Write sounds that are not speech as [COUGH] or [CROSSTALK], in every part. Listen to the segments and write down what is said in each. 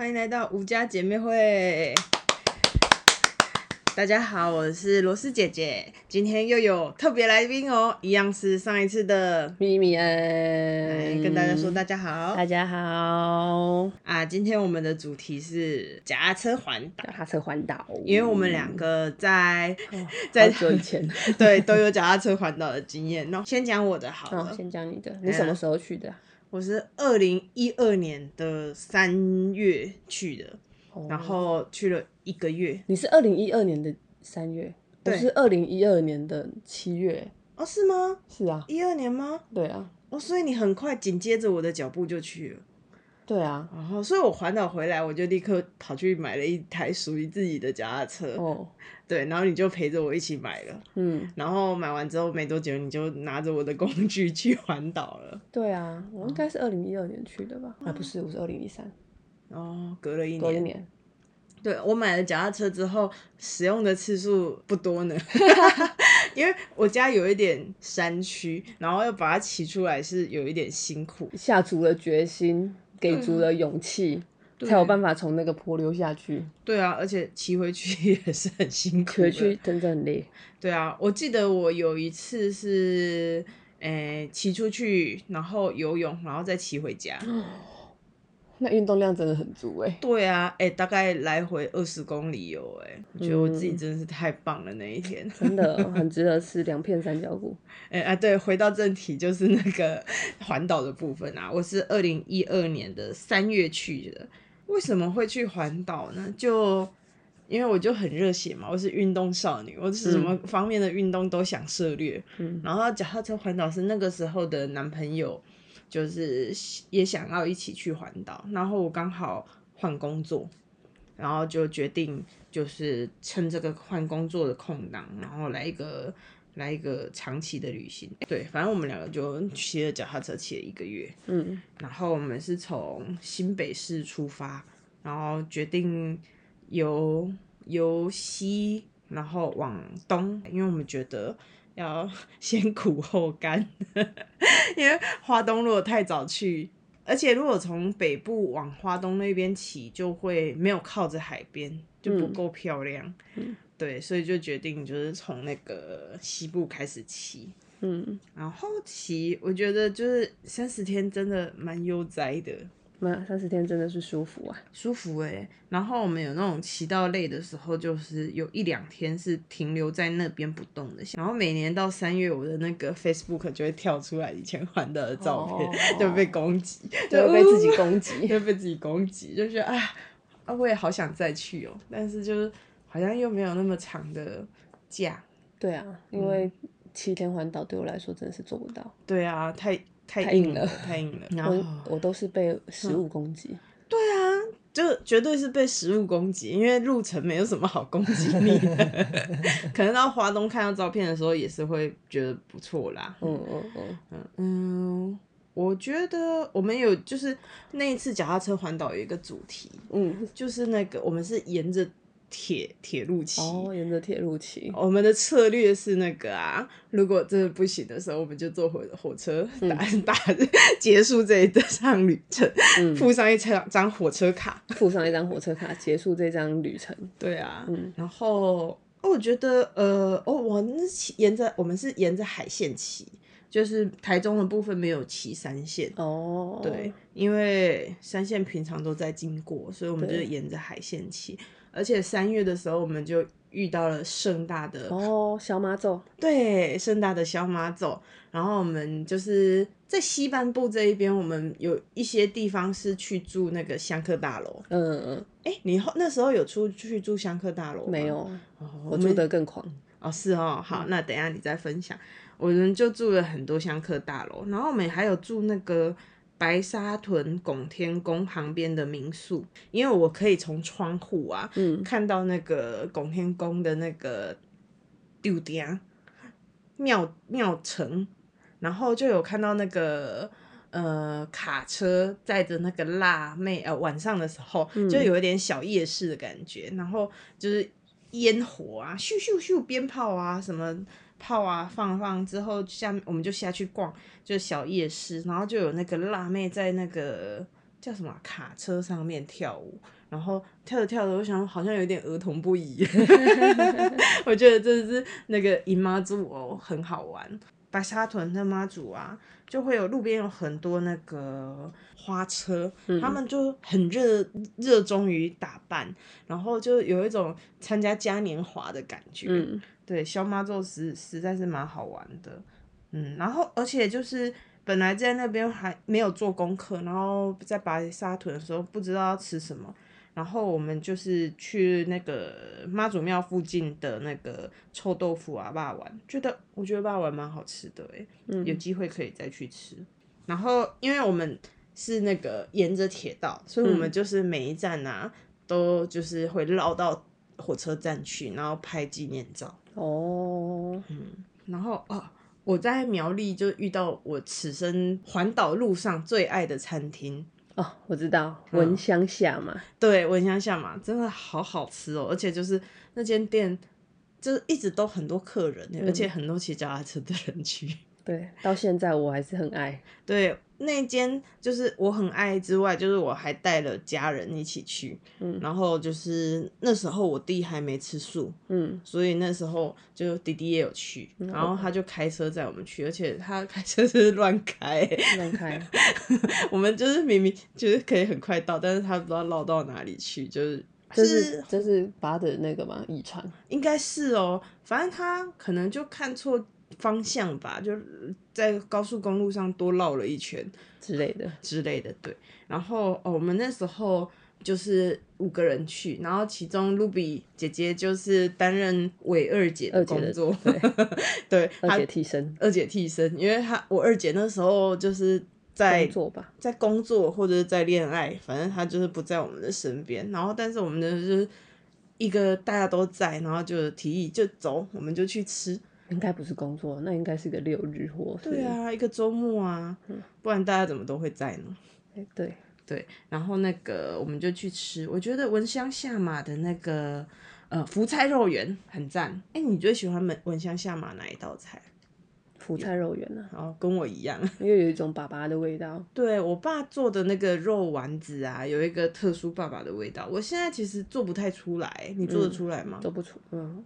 歡迎來到吾家姐妹會。 [LAUGHS] 大家好，我是螺絲姐姐。今天又有特別來賓哦，一樣是上一次的米米恩。來跟大家說，大家好，大家好。啊，今天我們的主題是腳踏車環島，腳踏車環島。因為我們兩個在、哦、在很久以前， [LAUGHS] 對，都有腳踏車環島的經驗。先講我的好了，哦、先講你的，你什麼時候去的？哎我是二零一二年的三月去的，Oh. 然後去了一個月。你是二零一二年的三月？我對是二零一二年的七月。哦，是嗎？是啊。一二年嗎？對啊。哦，所以你很快緊接着我的腳步就去了。對啊，然後、哦、所以我環島回來，我就立刻跑去買了一台屬於自己的腳踏車。哦，oh. 對，然後你就陪着我一起買了，嗯，然後買完之後沒多久，你就拿着我的工具去環島了。對啊，我應該是二零一二年去的吧？Oh. 啊，不是，我是二零一三。哦，隔了一年。隔一年。對，我買了腳踏車之後，使用的次數不多呢， [LAUGHS] [LAUGHS] 因為我家有一點山區，然後又把它騎出來是有一點辛苦，下足了決心。給足了勇氣，嗯，才有辦法從那個坡溜下去。對啊，而且騎回去也是很辛苦的，回去真的很累。對啊，我記得我有一次是，誒、欸，騎出去，然後游泳，然後再騎回家。那運動量真的很足哎、欸，對啊、欸，大概來回二十公里有哎、欸，我、嗯、覺得我自己真的是太棒了那一天， [LAUGHS] 真的、哦、很值得吃兩片三角骨。哎、欸、啊，對，回到正題就是那個環島的部分啊，我是二零一二年的三月去的，為什麼會去環島呢？就因為我就很熱血嘛，我是運動少女，我是什麼方面的運動都想涉獵，嗯、然後腳踏車環島是那個時候的男朋友，就是也想要一起去環島，然後我剛好換工作，然後就決定就是趁這個換工作的空檔，然後來一個來一個長期的旅行。對，反正我們兩個就騎了腳踏車騎了一個月。嗯，然後我們是從新北市出發，然後決定由由西然後往東，因為我們覺得。要先苦後甘，因為花東如果太早去，而且如果從北部往花東那邊騎，就會沒有靠着海邊，就不夠漂亮。嗯，對，所以就決定就是從那個西部開始騎。嗯，然後騎我覺得就是三十天真的蠻悠哉的。沒有，三十天真的是舒服啊，舒服哎、欸。然後我們有那種騎到累的時候，就是有一兩天是停留在那邊不動的。然後每年到三月，我的那個 Facebook 就會跳出來以前環島的照片，oh. [LAUGHS] 就被攻擊，就被自己攻擊，嗯、就被自己攻擊， [LAUGHS] 就覺得啊啊，我也好想再去哦，但是就是好像又沒有那麼長的假。對啊，因為七天環島對我來說真的是做不到。嗯、對啊，太。太硬了，太硬了，太硬了。然後我，我都是被食物攻擊、啊。對啊，就絕對是被食物攻擊，因為路程沒有什麼好攻擊你 [LAUGHS] [LAUGHS] 可能到花東看到照片的時候，也是會覺得不錯啦。嗯嗯嗯嗯，我覺得我們有就是那一次腳踏車環島有一個主題，嗯，就是那個我們是沿着。鐵鐵路騎哦沿着鐵路騎。我們的策略是那個啊，如果真的不行的時候，我們就坐火火車打、嗯、打結束這一趟旅程，嗯、附上一張火車卡，附上一張火車卡 [LAUGHS] 結束這張旅程。對啊，嗯、然後、哦、我覺得呃，哦，我們沿着我們是沿着海線騎，就是台中的部分沒有騎山線哦，對，因為山線平常都在經過，所以我們就沿着海線騎。而且三月的時候，我們就遇到了盛大的哦小馬走，對盛大的小馬走，然後我們就是在西半部這一邊，我們有一些地方是去住那個香客大樓。嗯嗯嗯，哎、欸，你那時候有出去住香客大樓？沒有，我住得更狂。哦，是哦，好，嗯、那等一下你再分享，我們就住了很多香客大樓，然後我們還有住那個。白沙屯拱天宮旁邊的民宿，因為我可以從窗戶啊，嗯、看到那個拱天宮的那個屋頂啊廟廟城，然後就有看到那個呃卡車載着那個辣妹，呃晚上的時候、嗯、就有一點小夜市的感覺，然後就是煙火啊，咻咻咻鞭炮啊什麼。泡啊，放放之後下面，我們就下去逛，就小夜市，然後就有那個辣妹在那個叫什麼、啊、卡車上面跳舞，然後跳着跳着，我想好像有點兒童不宜， [LAUGHS] 我覺得真的是那個迎媽祖哦，很好玩。白沙屯的媽祖啊，就會有路邊有很多那個花車，嗯、他們就很熱熱衷於打扮，然後就有一種參加嘉年華的感覺。嗯對，消媽做實實在是蠻好玩的，嗯，然後而且就是本來在那邊還沒有做功課，然後在白沙屯的時候不知道要吃什麼，然後我們就是去那個媽祖廟附近的那個臭豆腐阿爸玩，覺得我覺得阿爸玩蠻好吃的哎，嗯，有機會可以再去吃。然後因為我們是那個沿着鐵道，所以我們就是每一站吶、啊，都就是會繞到火車站去，然後拍紀念照。哦、嗯，然後、哦、我在苗栗就遇到我此生環島路上最愛的餐廳哦，我知道，文香下嘛、嗯，對，文香下嘛，真的好好吃哦，而且就是那間店，就是一直都很多客人，嗯、而且很多騎腳踏車的人去，對，到現在我還是很愛，對。那間就是我很愛之外，就是我還帶了家人一起去，嗯，然後就是那時候我弟還沒吃素，嗯，所以那時候就弟弟也有去，然後他就開車載我們去，而且他開車是，是亂開，亂開， [LAUGHS] 我們就是明明就是可以很快到，但是他不知道繞到哪裡去，就是就是，是就是爸的那個嘛，遺傳。應該是哦，反正他可能就看錯。方向吧，就在高速公路上多繞了一圈之類的之類的，對。然後、哦、我們那時候就是五個人去，然後其中 Ruby 姐姐就是擔任偽二姐的工作，的對，她 [LAUGHS] 對姐替身，二姐替身，因為她我二姐那時候就是在工在工作或者是在戀愛，反正，她就是不在我們的身邊。然後但是我們的就是一個大家都在，然後就提議就走，我們就去吃。應該不是工作，那應該是一個六日或，對啊，一個周末啊，嗯、不然大家怎麼都會在呢？欸、對對，然後那個我們就去吃，我覺得聞香下馬的那個呃福菜肉圓很讚。哎、欸，你最喜歡聞香下馬哪一道菜？福菜肉圓啊，哦，跟我一樣，因為有一種爸爸的味道。 [LAUGHS] 對我爸做的那個肉丸子啊，有一個特殊爸爸的味道。我現在其實做不太出來，你做得出來嗎？都、嗯、不出，嗯。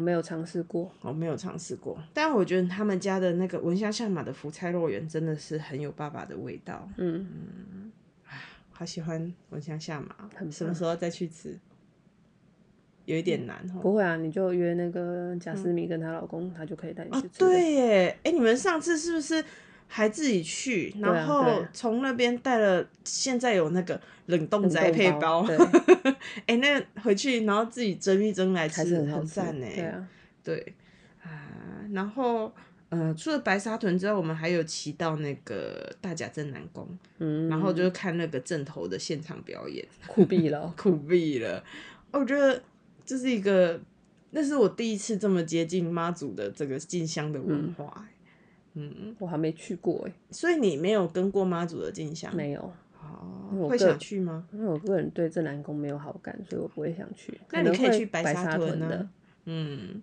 我沒有嘗試過，我沒有嘗試過，但我覺得他們家的那個聞香下馬的福菜肉圓真的是很有爸爸的味道。嗯嗯，嗯，好喜歡聞香下馬，怕什麼時候再去吃？有一點難、嗯、齁不會啊，你就約那個賈斯敏跟她老公，嗯、他就可以帶你去吃、這個啊。對耶，哎、欸，你們上次是不是？還自己去，然後從那邊帶了，現在有那個冷凍宅配包，哎，那 [LAUGHS] 回去然後自己蒸一蒸來吃，還是很讚哎，讚。對啊，對啊然後呃，除了白沙屯之外，我們還有騎到那個大甲鎮南宮，嗯、然後就看那個陣頭的現場表演，酷斃了， [LAUGHS] 酷斃了，我覺得這是一個，那是我第一次這麼接近媽祖的這個進香的文化。嗯嗯，我還沒去過。所以你沒有跟過媽祖的進香，沒有。哦，我會想去嗎？因為我個人對鎮南宮沒有好感，所以我不會想去。那你可以去白沙屯，啊、白沙屯的。嗯，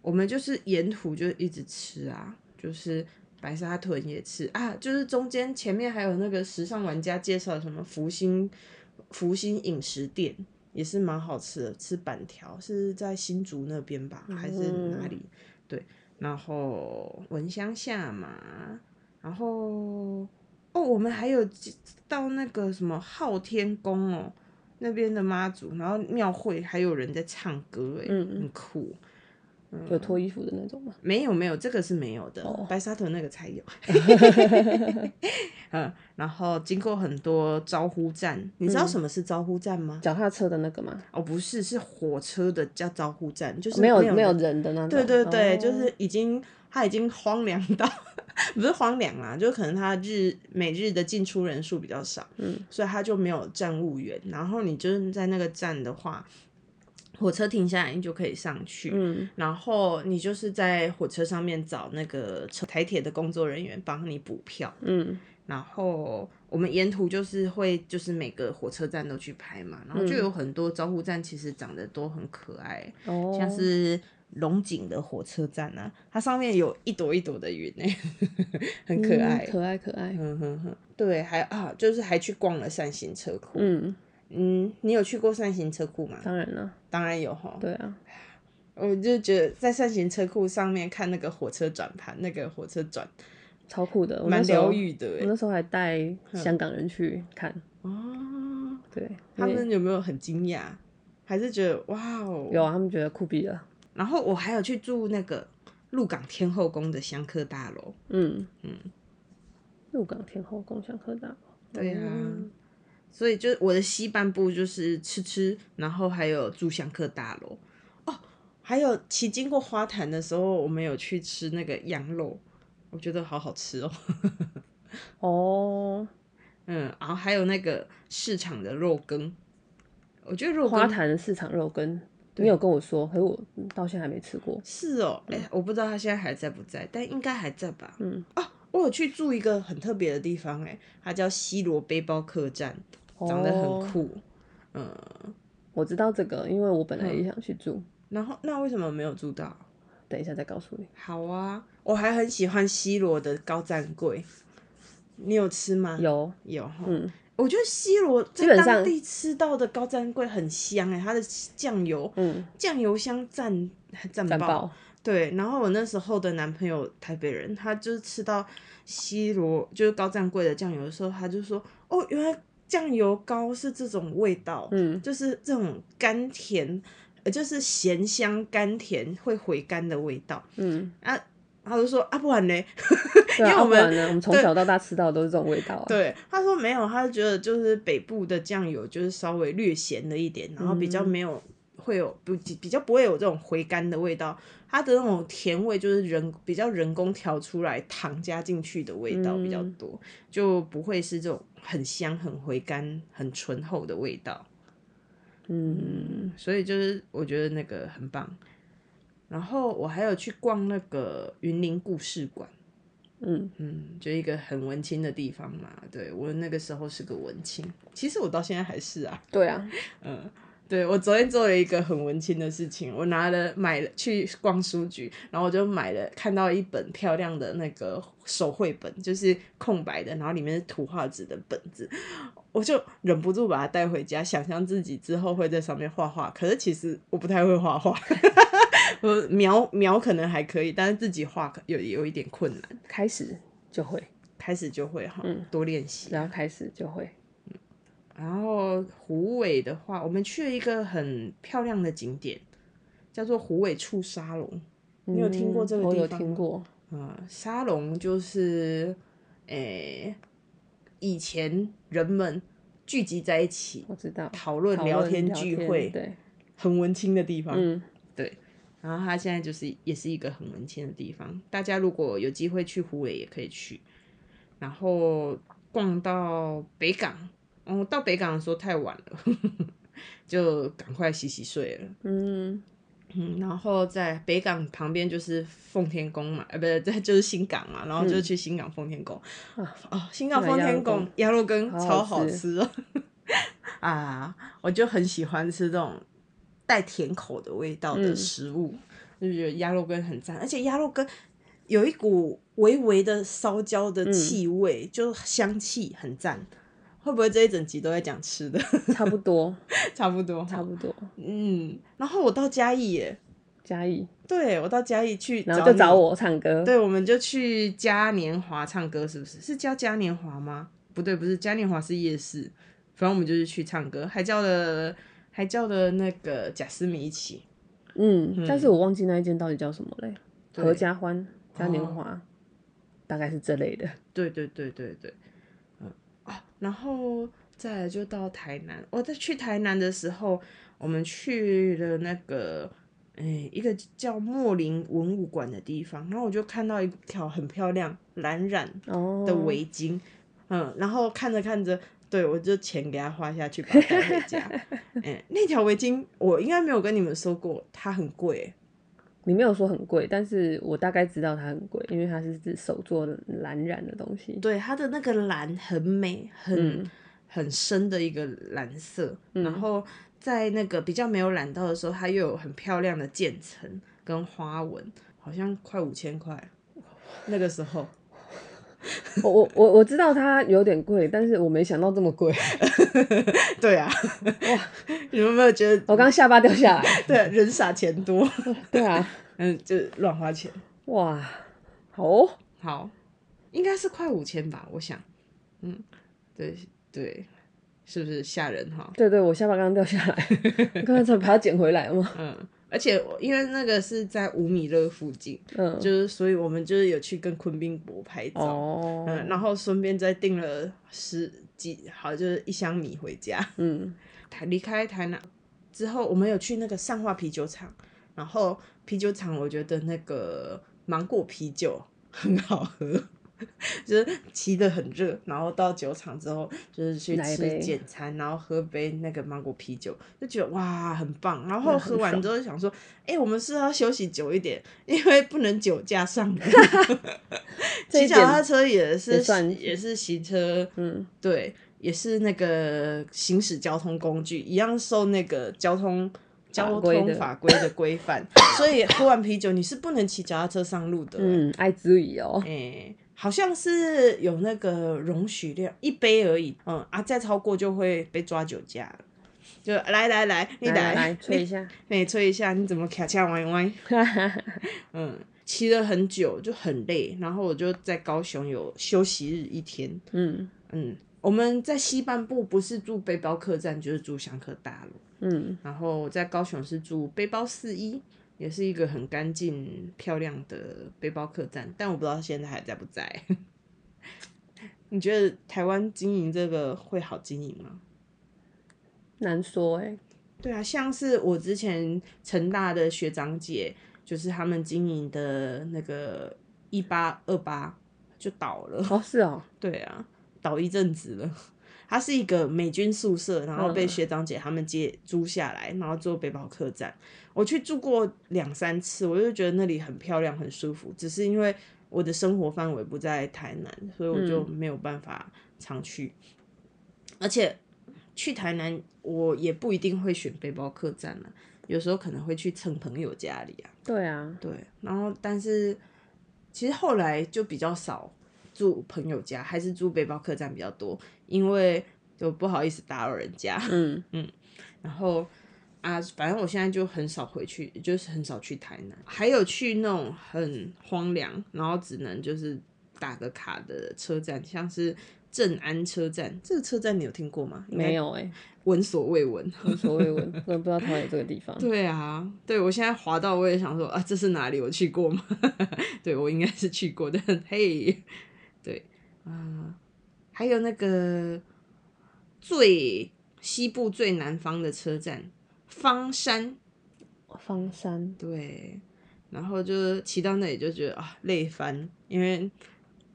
我們就是沿途就一直吃啊，就是白沙屯也吃啊，就是中間前面還有那個時尚玩家介紹什麼福星、福星飲食店，也是蠻好吃的，吃板條是在新竹那邊吧，嗯哼？還是哪裡？對。然後文鄉下嘛，然後哦，我們還有到那個什麼浩天宮哦，那邊的媽祖，然後廟會還有人在唱歌，哎、嗯嗯，很酷。有脫衣服的那種嗎？嗯，沒有沒有，這個是沒有的，Oh. 白沙屯那個才有。 [LAUGHS] [LAUGHS] [LAUGHS] 嗯，然後經過很多招呼站，你知道什麼是招呼站嗎？嗯、腳踏車的那個嗎？哦，不是，是火車的叫招呼站，就是沒有、哦、沒有沒有人的那個。對對對，Oh. 就是已經它已經荒涼到 [LAUGHS] 不是荒涼啦、啊，就是可能它日每日的進出人數比較少，嗯，所以它就沒有站務員。然後你就是在那個站的話。火車停下來你就可以上去，嗯、然後你就是在火車上面找那個台鐵的工作人員幫你補票。嗯、然後我們沿途就是會就是每個火車站都去拍嘛，嗯、然後就有很多招呼站其實長得都很可愛，嗯、像是龍井的火車站啊，它上面有一朵一朵的雲、欸、呵呵很可愛、嗯，可愛可愛。 [LAUGHS] 對，還啊就是還去逛了扇形車庫。嗯嗯，你有去過扇形車庫嗎？當然了、啊，當然有哈。對啊，我就覺得在扇形車庫上面看那個火車轉盤，那個火車轉，超酷的，蠻療癒的。我那時候，那時候還帶香港人去看。嗯、哦，對，他們有沒有很驚訝？為還是覺得哇哦？有啊，他們覺得酷斃了。然後我還有去住那個鹿港天後宮的香客大樓。嗯嗯，鹿、嗯、港天後宮香客大樓。對呀、啊。所以就我的西半部就是吃吃，然後還有住香客大樓哦，還有騎經過花壇的時候，我們有去吃那個羊肉，我覺得好好吃哦。哦 [LAUGHS] ，oh. 嗯，然後還有那個市場的肉羹，我覺得肉羹花壇的市場肉羹，你對有跟我說，可是我到現在還沒吃過。是哦、嗯，我不知道他現在還在不在，但應該還在吧。嗯，哦、啊，我有去住一個很特別的地方，哎，它叫西螺背包客棧。長得很酷，哦、嗯，我知道這個，因為我本來也想去住。嗯、然後那為什麼沒有住到？等一下再告訴你。好啊，我還很喜歡西螺的高贊桂，你有吃嗎？有有，有嗯，我覺得西螺在當地吃到的高贊桂很香誒、欸，它的醬油，嗯，醬油香讚讚爆。爆對。然後我那時候的男朋友台北人，他就是吃到西螺就是高贊桂的醬油的時候，他就說：“哦，原來。”醬油膏是這種味道，嗯、就是這種甘甜，呃，就是鹹香甘甜會回甘的味道，嗯啊，他就說，啊不然呢？啊、 [LAUGHS] 因為我們我們從小到大吃到的都是這種味道。啊，對，他說沒有，他就覺得就是北部的醬油就是稍微略鹹了一點，然後比較沒有。嗯會有不比較不會有這種回甘的味道，它的那種甜味就是人比較人工調出來，糖加進去的味道比較多，嗯、就不會是這種很香、很回甘、很醇厚的味道。嗯，所以就是我覺得那個很棒。然後我還有去逛那個雲林故事館，嗯嗯，就一個很文青的地方嘛。對我那個時候是個文青，其實我到現在還是啊。對啊，嗯、呃。對，我昨天做了一個很文青的事情，我拿了買了去逛書局，然後我就買了，看到了一本漂亮的那個手繪本，就是空白的，然後裡面是圖畫紙的本子，我就忍不住把它帶回家，想象自己之後會在上面畫畫。可是其實我不太會畫畫，我描描可能還可以，但是自己畫有有一點困難。開始就會，開始就會哈，嗯，多練習，然後開始就會。然後虎尾的話，我們去了一個很漂亮的景點，叫做虎尾厝沙龍。嗯、你有聽過這個地方嗎？我有聽過。嗯，沙龍就是，誒、欸，以前人們聚集在一起，我知道，討論聊天聚會，對，很文青的地方。嗯、對。然後它現在就是也是一個很文青的地方，大家如果有機會去虎尾也可以去。然後逛到北港。我、嗯、到北港的時候太晚了，呵呵，就趕快洗洗睡了。嗯嗯，然後在北港旁邊就是奉天宮嘛，呃，不對，對，就是新港嘛，然後就去新港奉天宮。嗯、哦、新港奉天宮、啊、鴨肉羹超好吃，超好吃 [LAUGHS] 啊！我就很喜歡吃這種帶甜口的味道的食物，嗯、就覺得鴨肉羹很讚，而且鴨肉羹有一股微微的燒焦的氣味，嗯、就香氣很讚。會不會這一整集都在講吃的？差不多， [LAUGHS] 差不多，差不多。嗯，然後我到嘉義耶，嘉義。對，我到嘉義去找，然後就找我唱歌。對，我們就去嘉年華唱歌，是不是？是叫嘉年華嗎？不對，不是嘉年華，是夜市。反正我們就是去唱歌，還叫了還叫了那個賈斯米一起。嗯，嗯，但是我忘記那一間到底叫什麼嘞？合對家歡嘉年華，哦、大概是這類的。對，對對對對對。然後再來就到台南，我、哦、在去台南的時候，我們去了那個，嗯、哎，一個叫墨林文物館的地方，然後我就看到一條很漂亮藍染的圍巾，oh. 嗯，然後看着看着，對我就錢給他花下去，把它帶回家。嗯、 [LAUGHS] 哎，那條圍巾我應該沒有跟你們說過，它很貴。你沒有說很貴，但是我大概知道它很貴，因為它是手做藍染的東西。對，它的那個藍很美，很、嗯、很深的一個藍色。然後在那個比較沒有染到的時候，它又有很漂亮的漸層跟花紋，好像快五千塊，那個時候。我我我我知道它有點貴，但是我沒想到這麼貴啊。 [LAUGHS] 對啊，哇！你們沒有覺得我剛下巴掉下來？ [LAUGHS] 對啊，人傻錢多。 [LAUGHS] 對啊，嗯， [LAUGHS] 就亂花錢。哇，好哦，好，應該是快五千吧，我想。嗯，對對，是不是嚇人哈？對對，我下巴剛剛掉下來， [LAUGHS] 剛剛才把它撿回來了嘛。嗯。而且因為那個是在無米樂附近，嗯、就是所以我們就是有去跟崑濱伯拍照，哦、嗯，然後順便再訂了十幾，好就是一箱米回家，嗯，台離開台南之後，我們有去那個善化啤酒廠，然後啤酒廠我覺得那個芒果啤酒很好喝。 [LAUGHS] 就是騎得很熱，然後到酒廠之後，就是去吃簡餐，然後喝杯那個芒果啤酒，就覺得哇很棒。然後喝完之後想說，哎、欸，我們是要休息久一點，因為不能酒駕上路。騎 [LAUGHS] 腳踏車也是，也，算也是行車，嗯、對，也是那個行駛交通工具一樣受那個交通交通法規的規範，規 [LAUGHS] 所以喝完啤酒你是不能騎腳踏車上路的。嗯，要注意哦，哎、欸。好像是有那個容許量一杯而已，嗯啊，再超過就會被抓酒駕了。就來來來，你來來吹你一下，你吹一下，你怎麼卡卡歪歪？ [LAUGHS] 嗯，騎了很久就很累，然後我就在高雄有休息日一天。嗯嗯，我們在西半部不是住背包客棧就是住香客大樓，嗯，然後我在高雄是住背包四一。也是一個很乾淨漂亮的背包客棧，但我不知道現在還在不在。 [LAUGHS] 你覺得台灣經營這個會好經營嗎？難說欸。對啊，像是我之前成大的學長姐，就是他們經營的那個一八二八就倒了。哦，是哦。對啊，倒一陣子了。它是一個美軍宿舍，然後被學長姐他們接租下來，嗯、然後做背包客棧。我去住過兩三次，我就覺得那裡很漂亮，很舒服。只是因為我的生活範圍不在台南，所以我就沒有辦法常去。嗯、而且去台南，我也不一定會選背包客棧了，有時候可能會去蹭朋友家裡啊。對啊，對。然後，但是其實後來就比較少。住朋友家還是住背包客棧比較多，因為就不好意思打擾人家。嗯嗯，然後啊，反正我現在就很少回去，就是很少去台南，還有去那種很荒涼，然後只能就是打個卡的車站，像是鎮安車站，這個車站你有聽過嗎？沒有哎、欸，聞所未聞，聞所未聞， [LAUGHS] 我也不知道它有這個地方。對啊，對我現在滑到我也想說啊，這是哪裡？我去過嗎？ [LAUGHS] 對我應該是去過，但嘿。對，啊、呃，還有那個最西部最南方的車站方山，方山，方山對，然後就是騎到那裡就覺得啊累翻，因為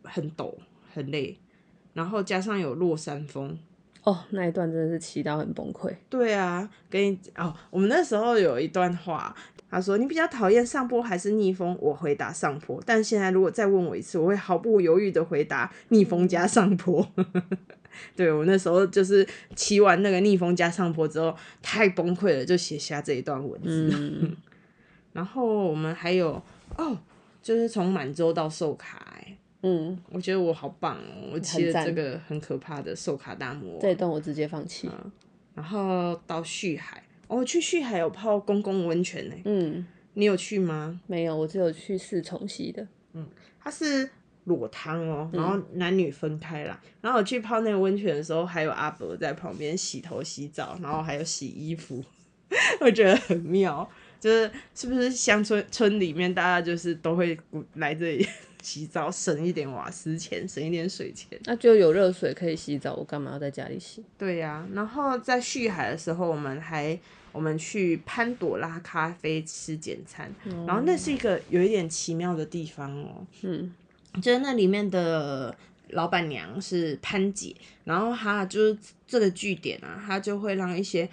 很陡很累，然後加上有落山風，哦，那一段真的是騎到很崩潰。對啊，跟你哦，我們那時候有一段話。他說：“你比較討厭上坡還是逆風？”我回答：“上坡。”但現在如果再問我一次，我會毫不猶豫的回答：“逆風加上坡。 [LAUGHS] 對”對我那時候就是騎完那個逆風加上坡之後太崩潰了，就寫下這一段文字。嗯、然後我們還有哦，就是從滿洲到壽卡，嗯，我覺得我好棒哦，我騎了這個很可怕的壽卡大摩，這一段我直接放棄。嗯、然後到旭海。我去旭海有泡公共溫泉呢，嗯，你有去嗎？沒有，我只有去四重溪的，嗯，它是裸湯哦、喔，然後男女分開啦。嗯、然後我去泡那個溫泉的時候，還有阿伯在旁邊洗頭、洗澡，然後還有洗衣服，嗯、 [LAUGHS] 我覺得很妙，就是是不是鄉村村裡面大家就是都會來這裡。 [LAUGHS] 洗澡省一點瓦斯錢，省一點水錢。那就有熱水可以洗澡，我幹嘛要在家裡洗？對呀、啊，然後在旭海的時候，我們還我們去潘朵拉咖啡吃簡餐，嗯、然後那是一個有一點奇妙的地方哦、喔。嗯，就是那裡面的老闆娘是潘姐，然後她就是這個據點啊，她就會讓一些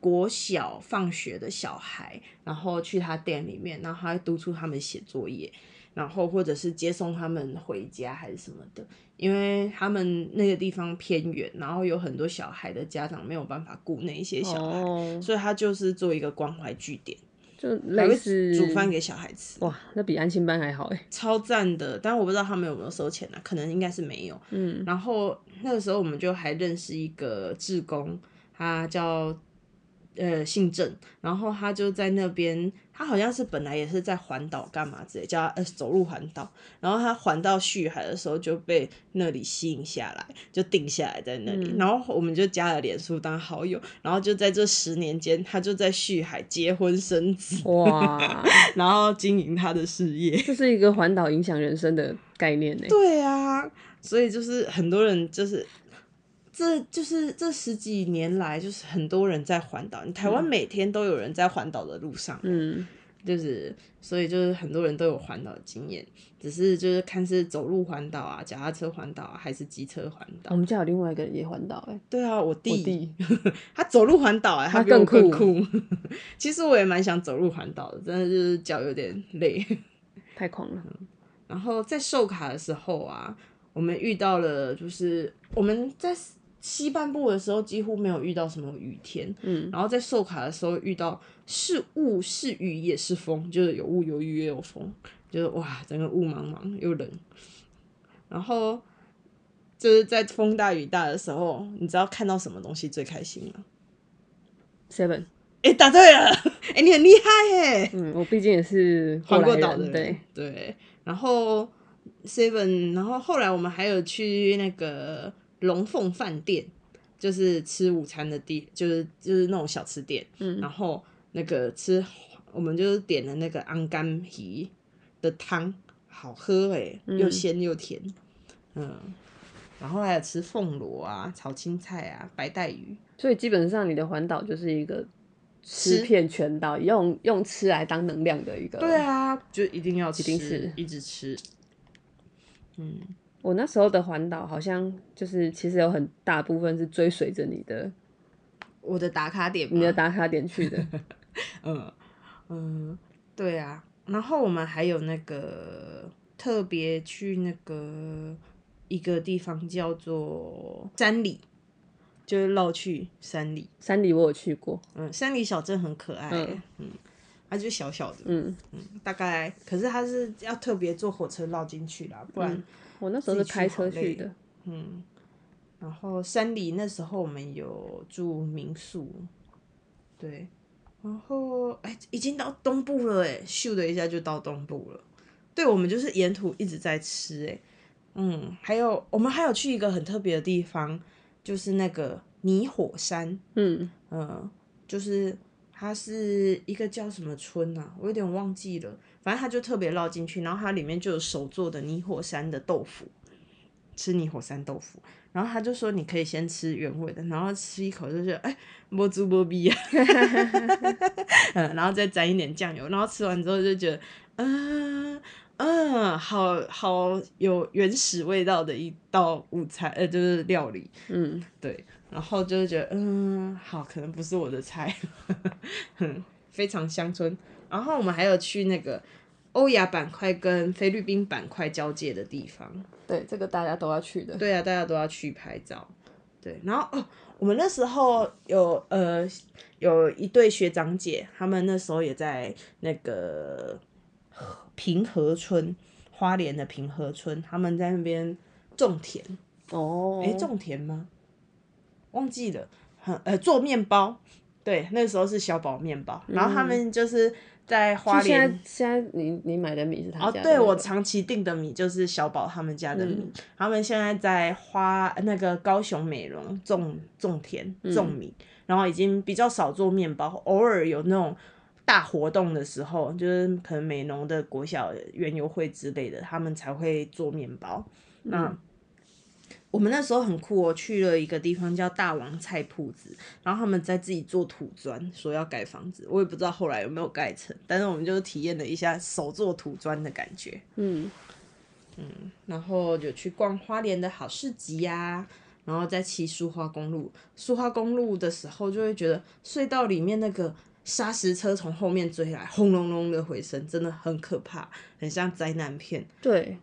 國小放學的小孩，然後去她店裡面，然後她督促他們寫作業。然後或者是接送他們回家還是什麼的，因為他們那個地方偏遠，然後有很多小孩的家長沒有辦法顧那一些小孩，oh. 所以他就是做一個關懷據點，就還會煮飯給小孩吃。哇，那比安親班還好哎，超讚的！但我不知道他們有沒有收錢啊，可能應該是沒有。嗯，然後那個時候我們就還認識一個志工，他叫。呃，姓鄭，然後他就在那邊，他好像是本來也是在環島幹嘛之類，叫他呃走路環島，然後他環到旭海的時候就被那裡吸引下來，就定下來在那裡，嗯、然後我們就加了臉書當好友，然後就在這十年間，他就在旭海結婚生子，哇， [LAUGHS] 然後經營他的事業，這是一個環島影響人生的概念呢。對啊，所以就是很多人就是。這就是這十幾年來，就是很多人在環島。你台灣每天都有人在環島的路上，欸，嗯，就是所以就是很多人都有環島的經驗，只是就是看是走路環島啊，腳踏車環島，啊，還是機車環島。我們家有另外一個人也環島哎，欸。對啊，我弟，我弟 [LAUGHS] 他走路環島哎，欸，他更酷。 [LAUGHS] 其實我也蠻想走路環島的，真的就是腳有點累，太狂了。嗯、然後在售卡的時候啊，我們遇到了就是我們在。西半部的時候幾乎沒有遇到什麼雨天，嗯、然後在壽卡的時候遇到是霧是雨,是雨也是風，就是有霧有雨也有風，就是哇，整個霧茫茫又冷。然後就是在風大雨大的時候，你知道看到什麼東西最開心嗎？Seven，哎、欸，答對了，哎、欸，你很厲害耶。嗯，我畢竟也是環過島的。對對。然後 Seven，然後後來我們還有去那個。龍鳳飯店就是吃午餐的地，就是就是那種小吃店。嗯，然後那個吃，我們就是點了那個安肝皮的湯，好喝哎，嗯，又鮮又甜。嗯，然後還有吃鳳螺啊、炒青菜啊、白帶魚。所以基本上你的環島就是一個吃遍全島，吃用用吃來當能量的一個。對啊，就一定要吃，一定吃，一直吃。嗯。我、喔、那時候的環島好像就是其實有很大部分是追隨着你的，我的打卡點，你的打卡點去的， [LAUGHS] 嗯嗯，對啊，然後我們還有那個特別去那個一個地方叫做山裡，就是繞去山裡，山裡我有去過，嗯，山裡小鎮很可愛，嗯,嗯它就小小的，嗯嗯，大概可是它是要特別坐火車繞進去啦，不然、嗯。我那時候是開車去的，嗯，然後山裡那時候我們有住民宿，對，然後哎、欸，已經到東部了，哎，咻的一下就到東部了，對，我們就是沿途一直在吃，哎，嗯，還有我們還有去一個很特別的地方，就是那個泥火山，嗯嗯，就是。它是一個叫什麼村呢、啊？我有點忘記了。反正它就特別繞進去，然後它裡面就有手做的泥火山的豆腐，吃泥火山豆腐。然後他就說你可以先吃原味的，然後吃一口就是，哎，無滋無味啊，嗯， [LAUGHS] [LAUGHS] [LAUGHS] 然後再沾一點醬油，然後吃完之後就覺得，嗯嗯，好好有原始味道的一道午餐呃，就是料理，嗯，對。然後就是覺得，嗯，好，可能不是我的菜，很非常鄉村。然後我們還有去那個歐亞板塊跟菲律賓板塊交界的地方，對，這個大家都要去的。對啊，大家都要去拍照。對，然後哦，我們那時候有呃有一對學長姐，他們那時候也在那個平和村，花蓮的平和村，他們在那邊種田哦，哎，Oh，種田嗎？忘記了，很呃做麵包，對，那時候是小寶麵包，嗯、然後他們就是在花蓮。現在你你買的米是他家的，那個？他哦，對，我長期訂的米就是小寶他們家的米。嗯、他們現在在花那個高雄美濃種種田種米，嗯、然後已經比較少做麵包，偶爾有那種大活動的時候，就是可能美濃的國小園遊會之類的，他們才會做麵包。那、嗯。嗯我們那時候很酷、哦，我去了一個地方叫大王菜鋪子，然後他們在自己做土磚，說要蓋房子，我也不知道後來有沒有蓋成，但是我們就是體驗了一下手做土磚的感覺。嗯嗯，然後就去逛花蓮的好市集呀、啊，然後再騎蘇花公路，蘇花公路的時候就會覺得隧道裡面那個砂石車從後面追來，轟隆隆隆的回聲真的很可怕，很像災難片。對。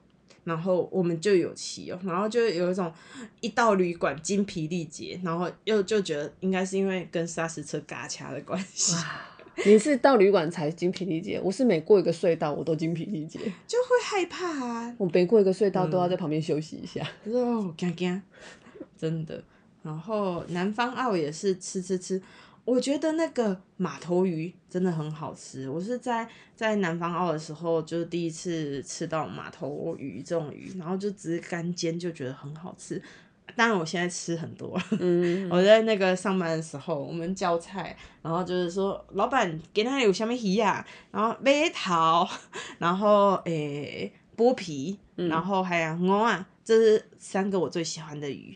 然後我們就有騎哦，然後就有一種一到旅館精疲力竭，然後又就覺得應該是因為跟砂石車嘎掐的關係。哇，你是到旅館才精疲力竭，我是每過一個隧道我都精疲力竭，就會害怕啊。我每過一個隧道都要在旁邊休息一下，嗯、 [LAUGHS] 真的。然後南方澳也是吃吃吃。我覺得那個馬頭魚真的很好吃。我是在在南方澳的時候，就第一次吃到馬頭魚這種魚，然後就只是乾煎就覺得很好吃。當然，我現在吃很多。嗯嗯 [LAUGHS] 我在那個上班的時候，我們叫菜，然後就是說老闆今天有什麼魚呀、啊？然後白桃，然後誒剝、欸、皮，嗯、然後還有鵝啊，這、就是三個我最喜歡的魚，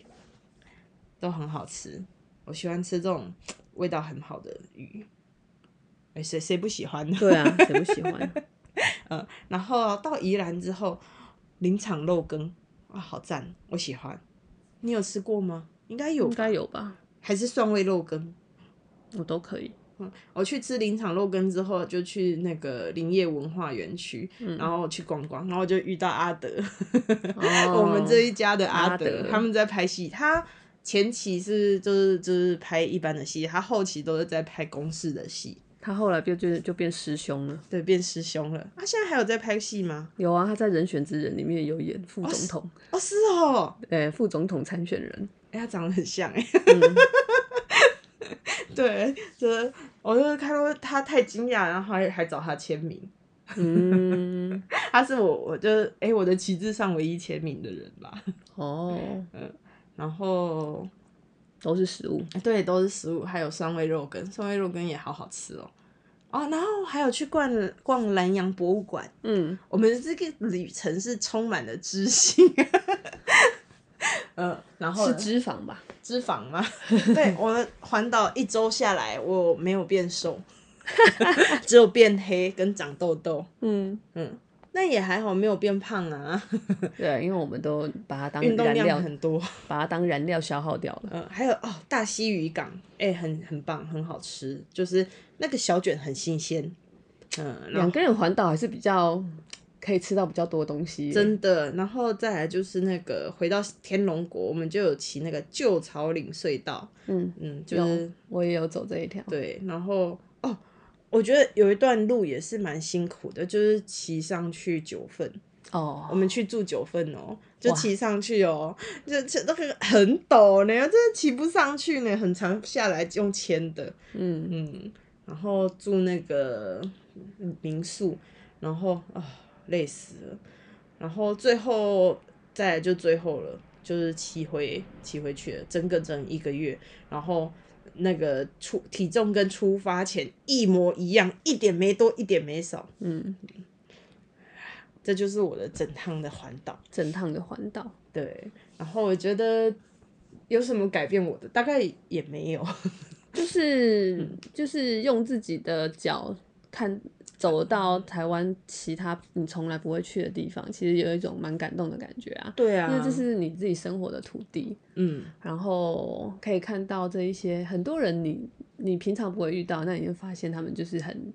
都很好吃。我喜歡吃這種。味道很好的魚，哎、欸，誰誰不喜歡呢？對啊，誰不喜歡？嗯，然後到宜蘭之後，林場肉羹哇，好讚，我喜歡。你有吃過嗎？應該有，應該有吧？還是蒜味肉羹？我都可以。嗯，我去吃林場肉羹之後，就去那個林業文化園區，嗯、然後去逛逛，然後就遇到阿德， [LAUGHS] oh, 我們這一家的阿德，阿德他們在拍戲，他。前期是就是就是拍一般的戲，他後期都是在拍公式的戲。他後來就就就變師兄了，對，變師兄了。他現在還有在拍戲嗎？有啊，他在《人選之人》裡面有演副總統哦，是哦，誒，副總統參選人，哎、欸，他長得很像哎，嗯、 [LAUGHS] 對，就是我就是看到他太驚訝，然後還還找他簽名， [LAUGHS] 嗯，他是我，我就誒、是欸，我的旗幟上唯一簽名的人吧，哦，嗯。然後都是食物，對，都是食物，還有酸味肉羹，酸味肉羹也好好吃哦。哦，然後還有去逛逛蘭陽博物館。嗯，我們這個旅程是充滿了知性。嗯、 [LAUGHS] 呃，然後是脂肪吧？脂肪嗎？對，我們環島一周下來，我沒有變瘦， [LAUGHS] 只有變黑跟長痘痘。嗯嗯。嗯那也還好，沒有變胖啊。 [LAUGHS] 對，因為我們都把它當運動量很多， [LAUGHS] 把它當燃料消耗掉了。嗯、還有哦，大溪漁港，哎、欸，很很棒，很好吃，就是那個小卷很新鮮。嗯，兩個人環島還是比較可以吃到比較多東西，真的。然後再來就是那個回到天龍國，我們就有騎那個舊草嶺隧,隧道。嗯嗯，就是我也有走這一條。對，然後哦。我覺得有一段路也是蠻辛苦的，就是騎上去九份哦，Oh. 我們去住九份哦、喔，就騎上去哦、喔，Wow. 就那個很陡呢、欸，真的騎不上去呢、欸，很常下來用牽的，嗯嗯，然後住那個民宿，然後啊累死了，然後最後再來就最後了，就是騎回騎回去了，整個整一個月，然後。那個出體重跟出發前一模一樣，一點沒多，一點沒少。嗯，這就是我的整趟的環島，整趟的環島。對，然後我覺得有什麼改變我的，大概也沒有， [LAUGHS] 就是就是用自己的腳看。走到台灣其他你從來不會去的地方，其實有一種蠻感動的感覺啊。對啊，因為這是你自己生活的土地。嗯，然後可以看到這一些很多人你，你你平常不會遇到，那你會發現他們就是很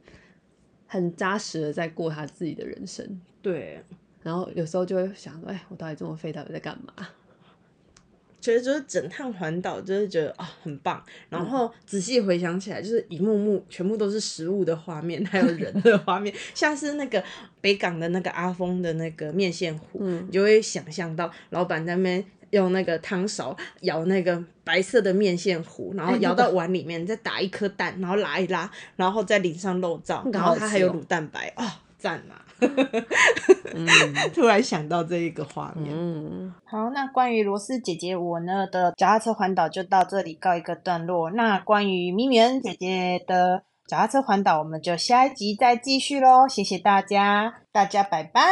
很扎實的在過他自己的人生。對，然後有時候就會想哎，我到底這麼廢，到底在幹嘛？其實就是整趟環島，就是覺得啊、哦、很棒。然後、嗯、仔細回想起來，就是一幕幕全部都是食物的畫面，還有人的畫面， [LAUGHS] 像是那個北港的那個阿峰的那個麵線糊，嗯，你就會想象到老闆在那邊用那個湯勺舀，舀那個白色的麵線糊，然後舀到碗裡面，再打一顆蛋，然後拉一拉，然後再淋上肉燥，哦、然後它還有滷蛋白，哦，讚啊！呵呵呵呵， [LAUGHS] 突然想到這一個畫面。嗯嗯、好，那關於螺絲姊姊我呢的腳踏車環島就到這裡告一個段落。那關於米米恩姊姊的腳踏車環島，我們就下一集再繼續嘍。謝謝大家，大家拜拜。